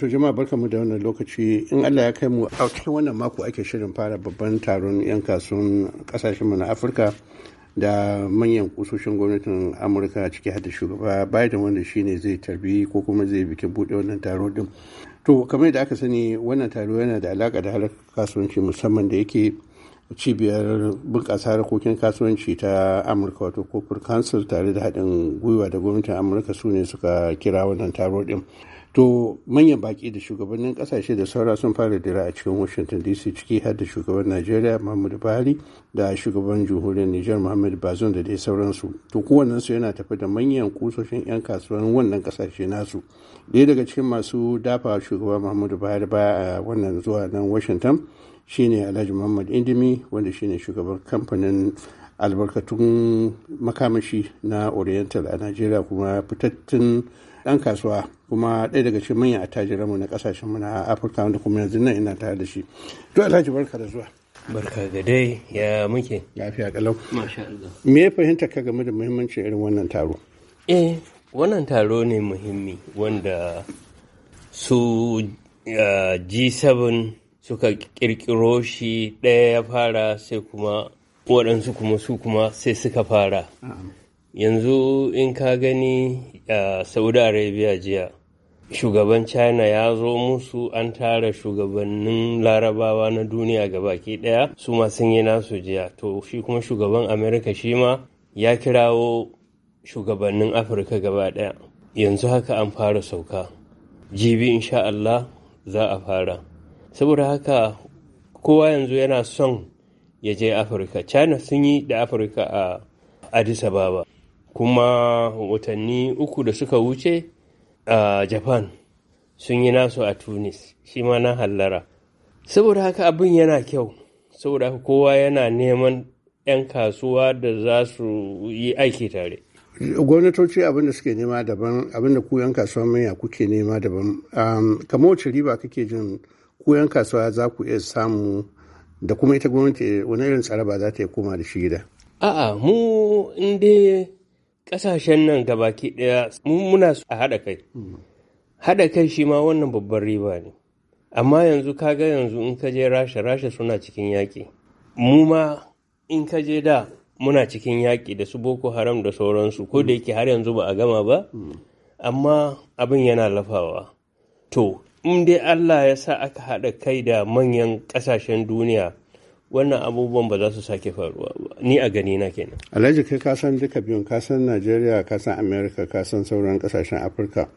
To jama'a barkamu da wannan lokaci in Allah ya kai mu a cikin wannan mako ake shirin fara babban taron 'yan kasuwan kasashen mu na Afirka da manyan kusoshin gwamnatin Amurka ciki hada shugaba Biden wanda shine zai tarbi ko kuma zai bikin bude wannan taro din. To kamar yadda aka sani wannan taro yana da alaka da harkar kasuwanci musamman da yake cibiyar bunƙasa harkokin kasuwanci ta amurka wato corporate council tare da haɗin gwiwa da gwamnatin amurka su ne suka kira wannan taro din to manyan baki da shugabannin kasashe da saura sun fara dira a cikin washington dc ciki har da shugaban najeriya muhammadu buhari da shugaban jamhuriyar niger muhammadu bazon da dai sauransu to kowannensu yana tafi da manyan kusoshin 'yan kasuwan wannan kasashe nasu ɗaya daga cikin masu dafa shugaba muhammadu buhari baya a wannan zuwa nan washington shine alhaji muhammad indimi wanda shine shugaban kamfanin albarkatun makamashi na oriental a najeriya kuma fitattun ɗan kasuwa kuma ɗaya daga cikin manyan attajiranmu na ƙasashenmu na afirka wanda kuma yanzu nan ina tare da shi to ki barka da zuwa barka ga dai ya muke lafiya kalau masha Allah me ya fahimta ka game da muhimmancin irin wannan taro eh wannan taro ne muhimmi wanda su G7 suka kirkiro shi ɗaya ya fara sai kuma waɗansu kuma su kuma sai suka fara yanzu in ka gani a saudi arabia jiya shugaban china ya zo musu an tara shugabannin larabawa na duniya gabaki daya su ma sun yi nasu jiya to shi kuma shugaban Amerika shi ma ya kirawo shugabannin afirka gaba daya yanzu haka an fara sauka jibi insha allah za a fara saboda haka kowa yanzu yana son ya je afirka china sun yi da afirka a addis ababa kuma watanni uku da suka wuce a japan sun yi nasu a tunis shi ma na hallara saboda haka abin yana kyau saboda haka kowa yana neman 'yan kasuwa da za su yi aiki tare gwamnatoci abin da suke nema daban abin da ku kasuwa manya kuke nema daban kamar wacce riba kake jin kuyan 'yan kasuwa za ku iya samu da kuma ita gwamnati wani irin tsara ba za ta yi koma da shi gida a'a mu inda ƙasashen nan gabaki ɗaya muna a haɗa kai haɗa kai shi ma wannan babban riba ne amma yanzu kaga yanzu in ka je rasha rasha suna cikin yaƙi mu ma in ka je da muna cikin yaƙi da su boko haram da sauransu ko da yake har yanzu ba a gama ba amma abin yana lafawa to in dai allah ya sa aka haɗa kai da manyan ƙasashen duniya wannan abubuwan ba za su sake faruwa ba ni a gani na kenan alhaji kai ka san duka biyun ka san najeriya ka san america ka san sauran kasashen afirka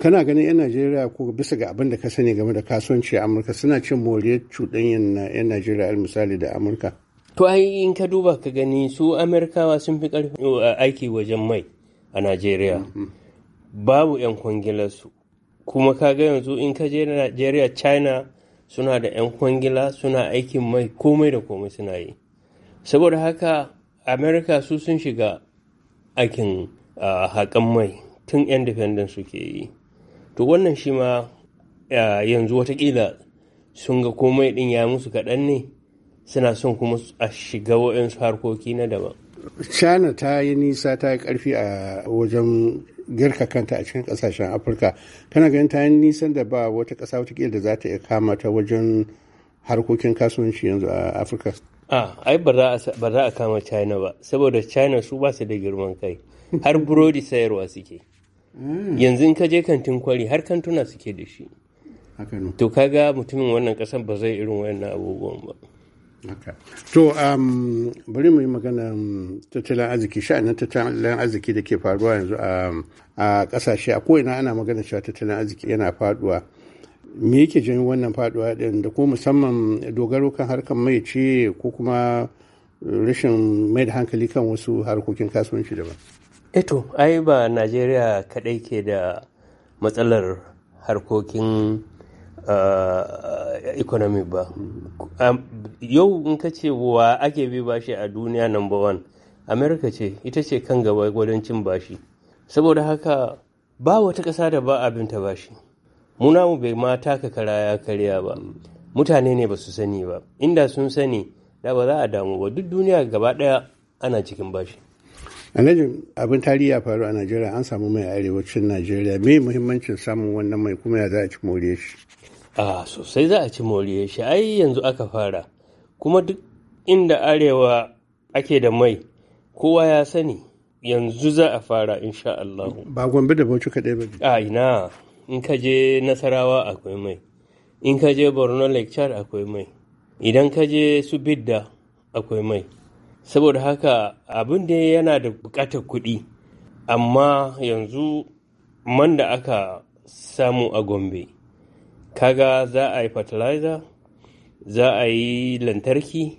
kana ganin 'yan najeriya ko bisa ga abin da ka sani game da kasuwanci a amurka suna cin moriyar cuɗanyen 'yan najeriya misali da amurka to ai in ka duba ka gani su amerikawa sun fi ƙarfi uh, aiki wajen mai a najeriya mm-hmm. babu 'yan kwangilarsu kuma ka ga yanzu in ka je najeriya china suna da 'yan kwangila suna aikin mai komai da komai suna yi saboda haka amerika su sun shiga aikin haƙan mai tun independent suke yi to wannan shi ma yanzu watakila sun ga komai ɗin ya musu kaɗan ne suna son kuma a shiga waɗansu harkoki na daban china ta yi nisa ta yi ƙarfi a wajen girka kanta a cikin kasashen afirka kana ganin ta nisan da ba wata kasa wata da za ta iya kama ta wajen harkokin kasuwanci yanzu a afirka ai ba za a kama china ba saboda china su ba su da girman kai har burodi sayarwa suke hmm. yanzu in ka je kantin kwari har kantuna suke da shi to kaga mutumin wannan kasan ba zai irin wannan abubuwan ba To um, bari mu yi magana um, tattalin arziki sha'anin tattalin arziki da ke faruwa yanzu um, a ƙasashe a ko'ina ana magana cewa tattalin arziki yana faduwa. Me yake janyo wannan faduwa din da ko musamman dogaro kan harkar mai ce ko kuma rashin mai da hankali kan wasu harkokin kasuwanci daban. Eto, eh ai ba Najeriya kaɗai ke da matsalar harkokin Uh, economy ba um, yau in ka ce wa ake bi bashi a duniya number one america ce ita ce kan gaba wajen cin bashi saboda haka ba wata ƙasa da ba abin ta bashi muna mu bai mata ka kara ya karya ba mutane ne ba su sani ba inda sun sani da ba za a damu ba duk duniya gaba daya ana cikin bashi a najin abin tarihi ya faru a najeriya an samu mai arewacin najeriya mai muhimmancin samun wannan mai kuma ya za a ci moriye shi a sosai za a ci moriye shi ai yanzu aka fara kuma duk inda arewa ake da mai kowa ya sani yanzu za a fara insha Allah. ba gombe da bauchi kaɗai ba a ina in ka je nasarawa akwai mai in ka je borno lecture akwai mai idan ka je su bidda akwai mai saboda haka abin da yana da bukatar kuɗi amma yanzu man da aka samu a gombe kaga za a yi fertilizer za a yi lantarki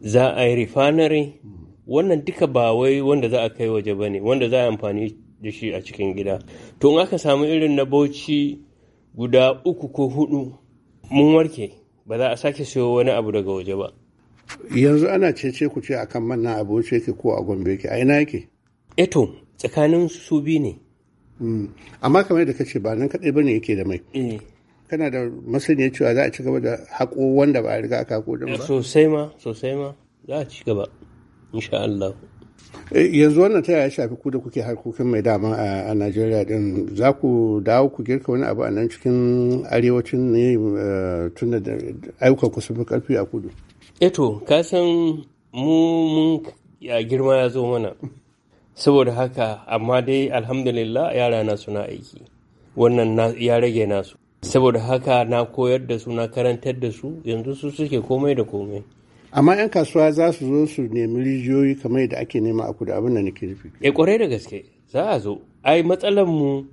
za a yi refinery wannan duka ba wai wanda za a kai waje ba ne wanda za a amfani da shi a cikin gida to in aka samu irin na bauchi guda uku ko hudu mun warke ba za a sake siyo wani abu daga waje ba yanzu ana cece ku ce akan manna abu ce yake ko a gombe ke a ina yake eto eh tsakanin su bi ne hmm. amma kamar da kace ba nan kadai bane yake da mai eh. kana da masaniya cewa za a ci gaba da haƙo wanda ba a riga aka haƙo din ba eh, sosai ma sosai ma za a ci gaba insha Allah yanzu wannan ta yaya shafi ku da kuke harkokin mai dama a Najeriya din za ku dawo ku girka wani abu a nan cikin arewacin ne tun da ayyukan ku sun fi karfi a kudu eto eh san mu mun ya girma ya zo mana saboda haka amma dai alhamdulillah yara na suna aiki wannan ya rage nasu saboda haka na koyar da su na karantar da su yanzu su suke komai da komai amma 'yan kasuwa za su zo su nemi rijiyoyi kamar da ake nema a kudu abin da nake rufi e eh, kwarai da gaske za a zo ai matsalar mu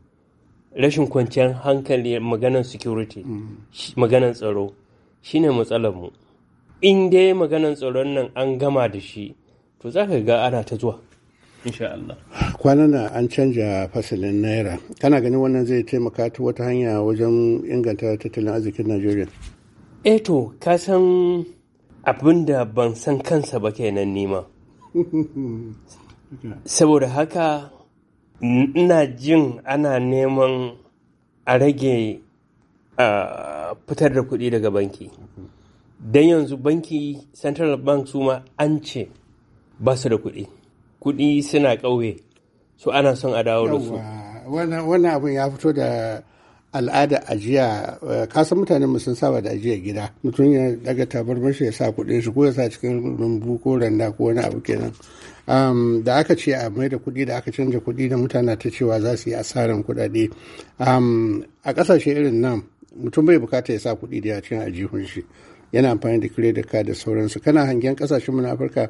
rashin kwanciyar hankali maganan security mm. maganan tsaro shine matsalar mu in dai maganan tsoron nan an gama da shi to za ka ga ana ta zuwa insha Allah an canja fasalin naira kana ganin wannan zai taimaka ta wata hanya wajen inganta tattalin arzikin Najeriya Eto eh to ka san abin da ban san kansa ba kenan nima saboda haka ina jin ana neman a rage fitar da kuɗi daga banki dan yanzu banki central bank su ma an ce ba su da kuɗi kuɗi suna ƙauye su ana son a dawo da su wannan abin ya fito da al'ada ajiya eh, kasan mutanen sun saba da ajiya gida mutum ya daga tabarmar shi ya sa kuɗin shi ko ya sa cikin rumbu ko randa ko wani abu kenan da aka ce a mai da kuɗi da aka canja kuɗi da mutane ta cewa za su yi asarar kuɗaɗe a ƙasashe irin nan mutum bai bukata ya sa kuɗi da ya cin ajihun shi yana amfani da kire da ka da sauransu kana hangen kasashen mu na afirka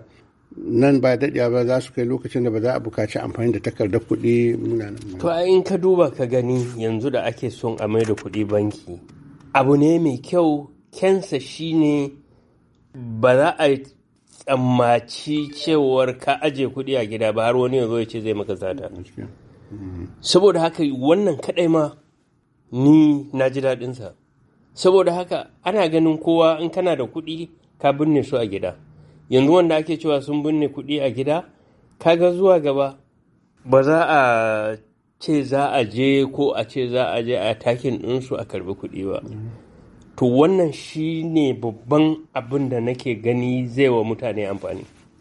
nan ba daɗewa ba za su kai lokacin da ba za a buƙaci amfani da takardar kuɗi munanan to a in ka duba ka gani yanzu da ake son a mai da kuɗi banki abu ne mai kyau kensa shine ba za a tsammaci cewar ka aje kuɗi a gida ba har wani ya zo ya ce zai maka zata mm. saboda haka wannan kaɗai ma ni na ji daɗinsa saboda haka ana ganin kowa in kana da kuɗi ka binne su a gida yanzu wanda ake cewa sun binne kuɗi a gida ka ga zuwa gaba ba za a ce za a je ko a ce za a je a takin ɗinsu a karbi kuɗi ba to wannan shi ne babban abin da nake gani zai wa mutane amfani